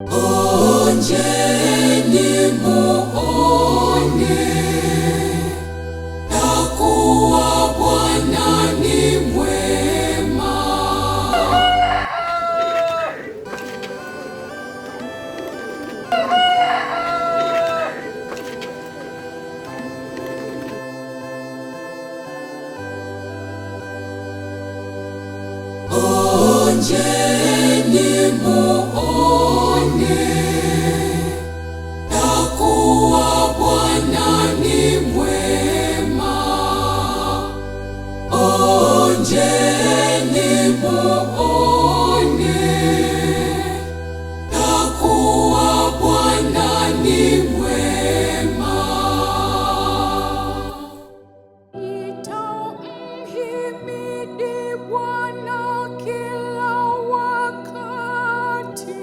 Onjeni muone ya kuwa Bwana ni mwema. Onjeni muone Njeni muone ya kuwa Bwana ni mwema. Nitamhimidi Bwana kila wakati.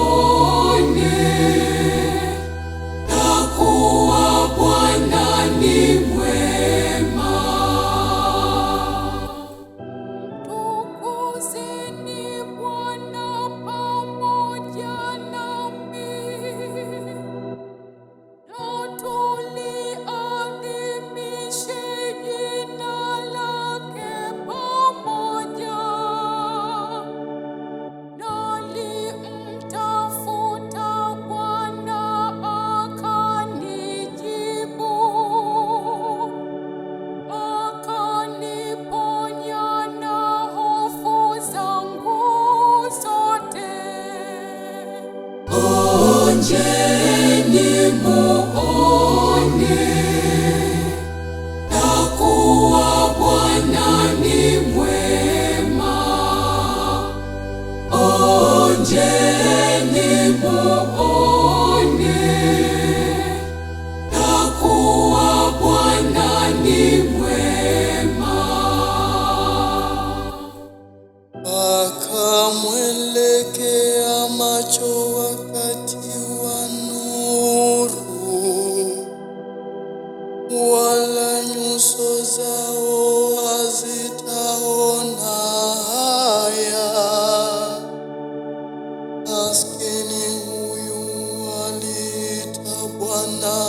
Bwana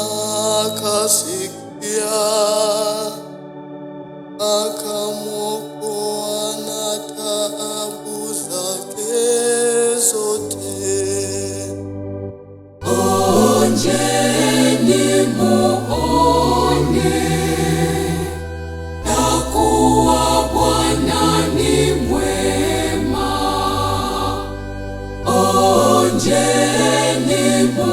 akasikia akamwokoa na taabu zake zote. Onjeni muone ya kuwa Bwana ni mwema. Onjeni muone